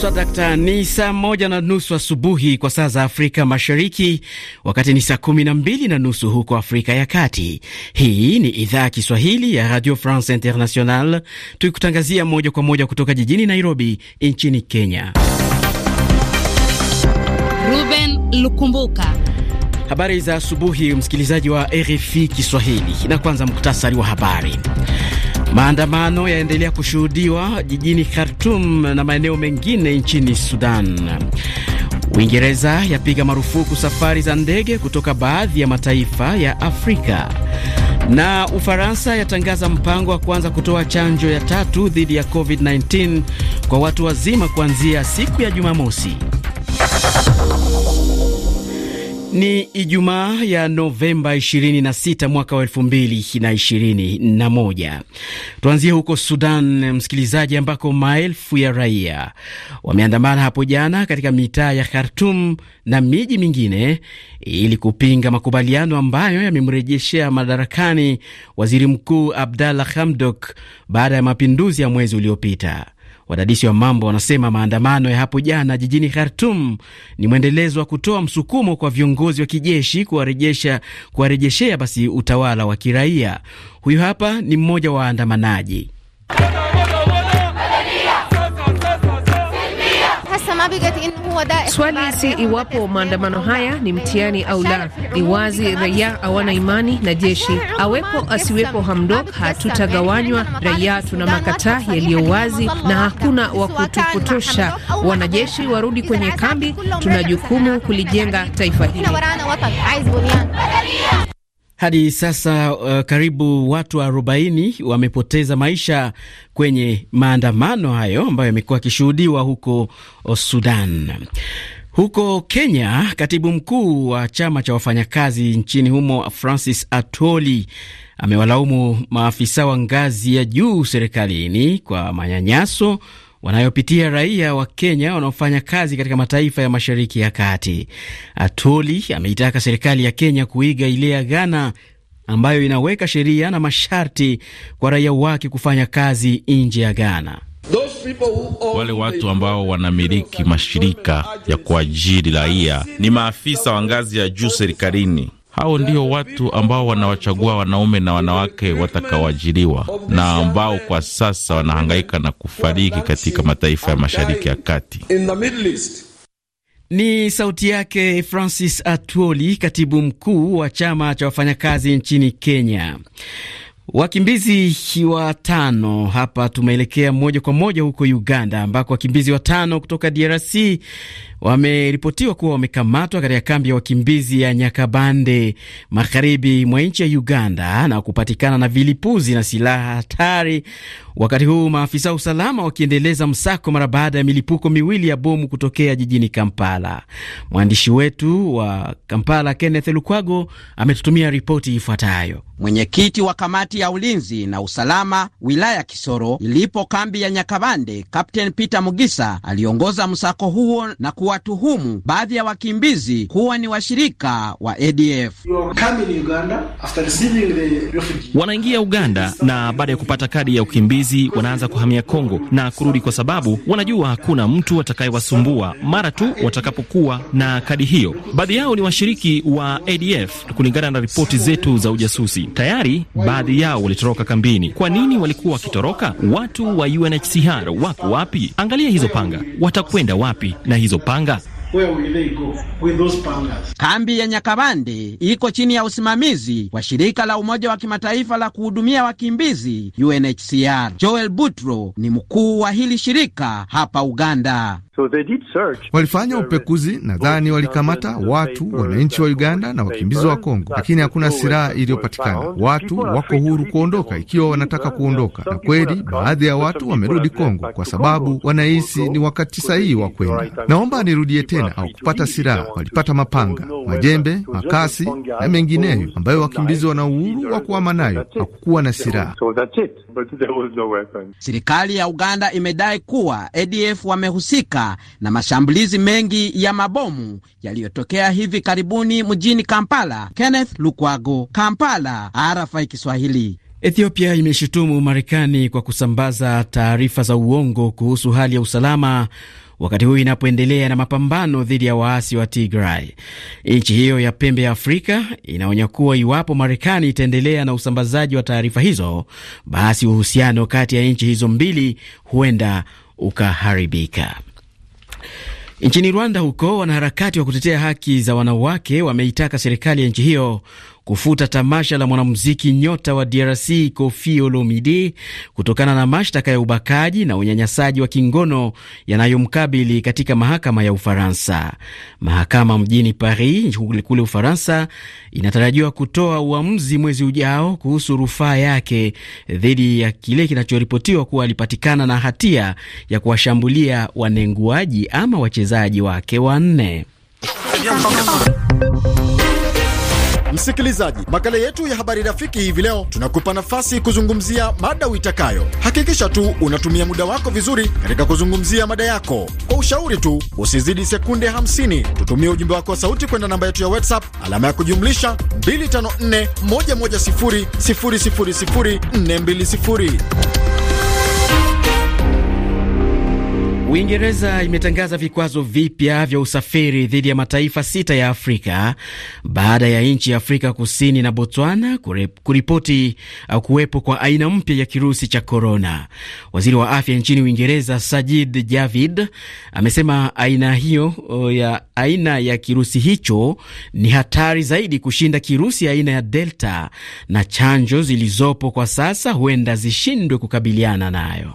kabisa dakta. Ni saa moja na nusu asubuhi kwa saa za Afrika Mashariki, wakati ni saa kumi na mbili na nusu huko Afrika ya Kati. Hii ni idhaa ya Kiswahili ya Radio France International, tukikutangazia moja kwa moja kutoka jijini Nairobi nchini Kenya. Ruben Lukumbuka, habari za asubuhi msikilizaji wa RFI Kiswahili, na kwanza muktasari wa habari. Maandamano yaendelea kushuhudiwa jijini Khartoum na maeneo mengine nchini Sudan. Uingereza yapiga marufuku safari za ndege kutoka baadhi ya mataifa ya Afrika. Na Ufaransa yatangaza mpango wa kuanza kutoa chanjo ya tatu dhidi ya COVID-19 kwa watu wazima kuanzia siku ya Jumamosi. Ni Ijumaa ya Novemba 26 mwaka wa 2021. Tuanzie huko Sudan, msikilizaji, ambako maelfu ya raia wameandamana hapo jana katika mitaa ya Khartum na miji mingine ili kupinga makubaliano ambayo yamemrejeshea madarakani waziri mkuu Abdalla Hamdok baada ya mapinduzi ya mwezi uliopita. Wadadisi wa mambo wanasema maandamano ya hapo jana jijini Khartum ni mwendelezo wa kutoa msukumo kwa viongozi wa kijeshi kuwarejesha kuwarejeshea basi utawala wa kiraia. Huyu hapa ni mmoja wa waandamanaji. Swali si iwapo maandamano haya ni mtihani au la. Ni wazi raia hawana imani na jeshi. Awepo asiwepo Hamdok, hatutagawanywa. Raia tuna makataa yaliyo wazi na hakuna wa kutupotosha. Wanajeshi warudi kwenye kambi, tuna jukumu kulijenga taifa hili. Hadi sasa uh, karibu watu arobaini wamepoteza maisha kwenye maandamano hayo ambayo yamekuwa yakishuhudiwa huko uh, Sudan. Huko Kenya, katibu mkuu wa chama cha wafanyakazi nchini humo Francis Atoli amewalaumu maafisa wa ngazi ya juu serikalini kwa manyanyaso wanayopitia raia wa Kenya wanaofanya kazi katika mataifa ya mashariki ya kati. Atoli ameitaka serikali ya Kenya kuiga ile ya Ghana ambayo inaweka sheria na masharti kwa raia wake kufanya kazi nje ya Ghana. Wale watu ambao wanamiliki mashirika ya kuajiri raia ni maafisa wa ngazi ya juu serikalini hao ndio watu ambao wanawachagua wanaume na wanawake watakaoajiriwa na ambao kwa sasa wanahangaika na kufariki katika mataifa ya Mashariki ya Kati. Ni sauti yake Francis Atwoli, katibu mkuu wa chama cha wafanyakazi nchini Kenya. Wakimbizi watano hapa, tumeelekea moja kwa moja huko Uganda ambako wakimbizi watano kutoka DRC wameripotiwa kuwa wamekamatwa katika kambi ya wakimbizi ya Nyakabande magharibi mwa nchi ya Uganda na kupatikana na vilipuzi na silaha hatari, wakati huu maafisa wa usalama wakiendeleza msako mara baada ya milipuko miwili ya bomu kutokea jijini Kampala. Mwandishi wetu wa Kampala Kenneth Lukwago ametutumia ripoti ifuatayo. Mwenyekiti wa kamati ya ulinzi na usalama wilaya Kisoro ilipo kambi ya Nyakabande, Kapteni Peter Mugisa aliongoza msako huo na kuwa kuwatuhumu baadhi ya wakimbizi kuwa ni washirika wa ADF. Wanaingia Uganda na baada ya kupata kadi ya ukimbizi wanaanza kuhamia Kongo na kurudi, kwa sababu wanajua hakuna mtu atakayewasumbua mara tu watakapokuwa na kadi hiyo. Baadhi yao ni washiriki wa ADF kulingana na ripoti zetu za ujasusi. Tayari baadhi yao walitoroka kambini. Kwa nini walikuwa wakitoroka? Watu wa UNHCR wako wapi? Angalia hizo panga, watakwenda wapi na hizo panga? panga. Kambi ya Nyakabande iko chini ya usimamizi wa shirika la Umoja wa Kimataifa la kuhudumia wakimbizi UNHCR. Joel Butro ni mkuu wa hili shirika hapa Uganda. So they did search. Walifanya upekuzi, nadhani walikamata watu, wananchi wa Uganda na wakimbizi wa Kongo, lakini hakuna silaha iliyopatikana. Watu wako huru kuondoka ikiwa wanataka kuondoka, na kweli baadhi ya watu wamerudi Kongo kwa sababu wanahisi ni wakati sahihi wa kwenda. Naomba nirudie tena, hawakupata silaha, walipata mapanga, majembe, makasi na mengineyo ambayo wakimbizi wana uhuru wa kuama nayo. Hakukuwa na silaha. Serikali ya Uganda imedai kuwa ADF wamehusika na mashambulizi mengi ya mabomu yaliyotokea hivi karibuni mjini Kampala. Kenneth Lukwago, Kampala, RFI Kiswahili. Ethiopia imeshutumu Marekani kwa kusambaza taarifa za uongo kuhusu hali ya usalama wakati huu inapoendelea na mapambano dhidi ya waasi wa Tigray. Nchi hiyo ya pembe ya Afrika inaonya kuwa iwapo Marekani itaendelea na usambazaji wa taarifa hizo, basi uhusiano kati ya nchi hizo mbili huenda ukaharibika. Nchini Rwanda huko, wanaharakati wa kutetea haki za wanawake wameitaka serikali ya nchi hiyo kufuta tamasha la mwanamuziki nyota wa DRC Koffi Olomide kutokana na mashtaka ya ubakaji na unyanyasaji wa kingono yanayomkabili katika mahakama ya Ufaransa. Mahakama mjini Paris kule Ufaransa inatarajiwa kutoa uamuzi mwezi ujao kuhusu rufaa yake dhidi ya kile kinachoripotiwa kuwa alipatikana na hatia ya kuwashambulia wanenguaji ama wachezaji wake wanne. Msikilizaji, makala yetu ya habari rafiki hivi leo tunakupa nafasi kuzungumzia mada uitakayo. Hakikisha tu unatumia muda wako vizuri katika kuzungumzia mada yako. Kwa ushauri tu usizidi sekunde 50. Tutumie ujumbe wako wa sauti kwenda namba yetu ya WhatsApp alama ya kujumlisha 254110000420. Uingereza imetangaza vikwazo vipya vya usafiri dhidi ya mataifa sita ya Afrika baada ya nchi ya Afrika Kusini na Botswana kuripoti au uh, kuwepo kwa aina mpya ya kirusi cha korona. Waziri wa afya nchini Uingereza Sajid Javid amesema aina hiyo uh, ya aina ya kirusi hicho ni hatari zaidi kushinda kirusi aina ya Delta na chanjo zilizopo kwa sasa huenda zishindwe kukabiliana nayo.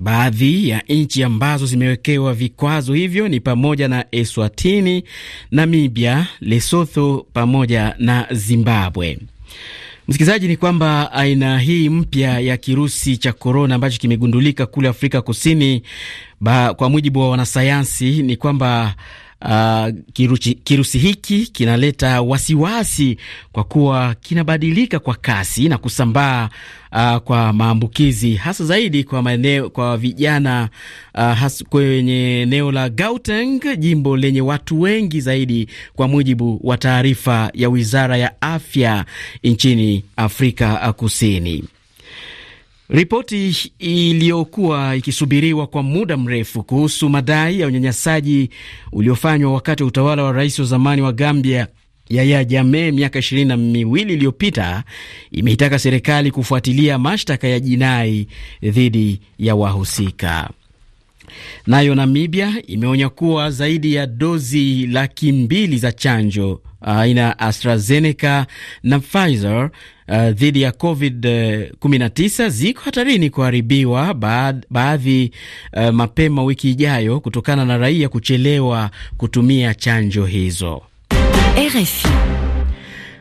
Baadhi ya nchi ambazo zimewekewa vikwazo hivyo ni pamoja na Eswatini, Namibia, Lesotho pamoja na Zimbabwe. Msikilizaji, ni kwamba aina hii mpya ya kirusi cha korona ambacho kimegundulika kule Afrika Kusini ba, kwa mujibu wa wanasayansi ni kwamba uh, kiruchi, kirusi hiki kinaleta wasiwasi kwa kuwa kinabadilika kwa kasi na kusambaa uh, kwa maambukizi hasa zaidi kwa maeneo, kwa vijana uh, ah, has, kwenye eneo la Gauteng, jimbo lenye watu wengi zaidi, kwa mujibu wa taarifa ya Wizara ya Afya nchini Afrika Kusini. Ripoti iliyokuwa ikisubiriwa kwa muda mrefu kuhusu madai ya unyanyasaji uliofanywa wakati wa utawala wa rais wa zamani wa Gambia Yaya Jammeh miaka ishirini na miwili iliyopita imeitaka serikali kufuatilia mashtaka ya jinai dhidi ya wahusika. Nayo Namibia imeonya kuwa zaidi ya dozi laki mbili za chanjo aina uh, AstraZeneca na Pfizer uh, dhidi ya COVID-19 uh, ziko hatarini kuharibiwa baad, baadhi uh, mapema wiki ijayo kutokana na raia kuchelewa kutumia chanjo hizo. RFI.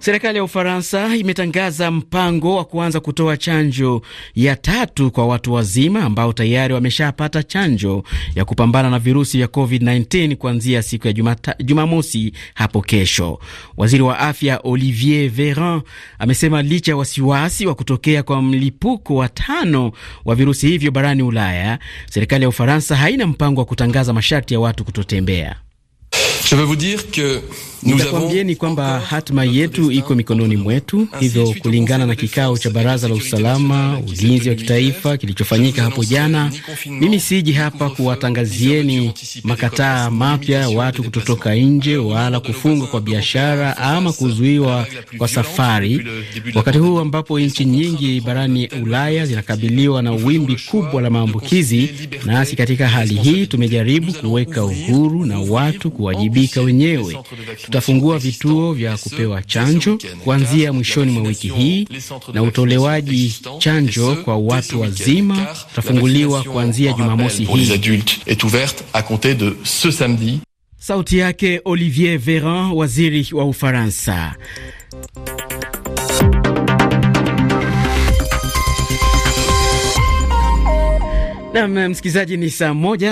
Serikali ya Ufaransa imetangaza mpango wa kuanza kutoa chanjo ya tatu kwa watu wazima ambao tayari wameshapata chanjo ya kupambana na virusi vya COVID-19 kuanzia siku ya Jumata, Jumamosi hapo kesho. Waziri wa afya Olivier Veran amesema licha ya wasiwasi wa kutokea kwa mlipuko wa tano wa virusi hivyo barani Ulaya, serikali ya Ufaransa haina mpango wa kutangaza masharti ya watu kutotembea. Nitakwambia ni kwamba hatima yetu iko mikononi mwetu. Hivyo, kulingana na kikao cha baraza la usalama ulinzi wa kitaifa kilichofanyika hapo jana, mimi siji hapa kuwatangazieni makataa mapya ya watu kutotoka nje wala kufungwa kwa biashara ama kuzuiwa kwa safari, wakati huu ambapo nchi nyingi barani Ulaya zinakabiliwa na wimbi kubwa la maambukizi. Nasi katika hali hii tumejaribu kuweka uhuru na watu kuwajibika kuwajibika wenyewe. Tutafungua vituo vya kupewa chanjo kuanzia mwishoni mwa wiki hii, na utolewaji chanjo kwa watu wazima utafunguliwa kuanzia Jumamosi hii. Sauti yake Olivier Veran, waziri wa Ufaransa. Nam msikilizaji, ni saa moja.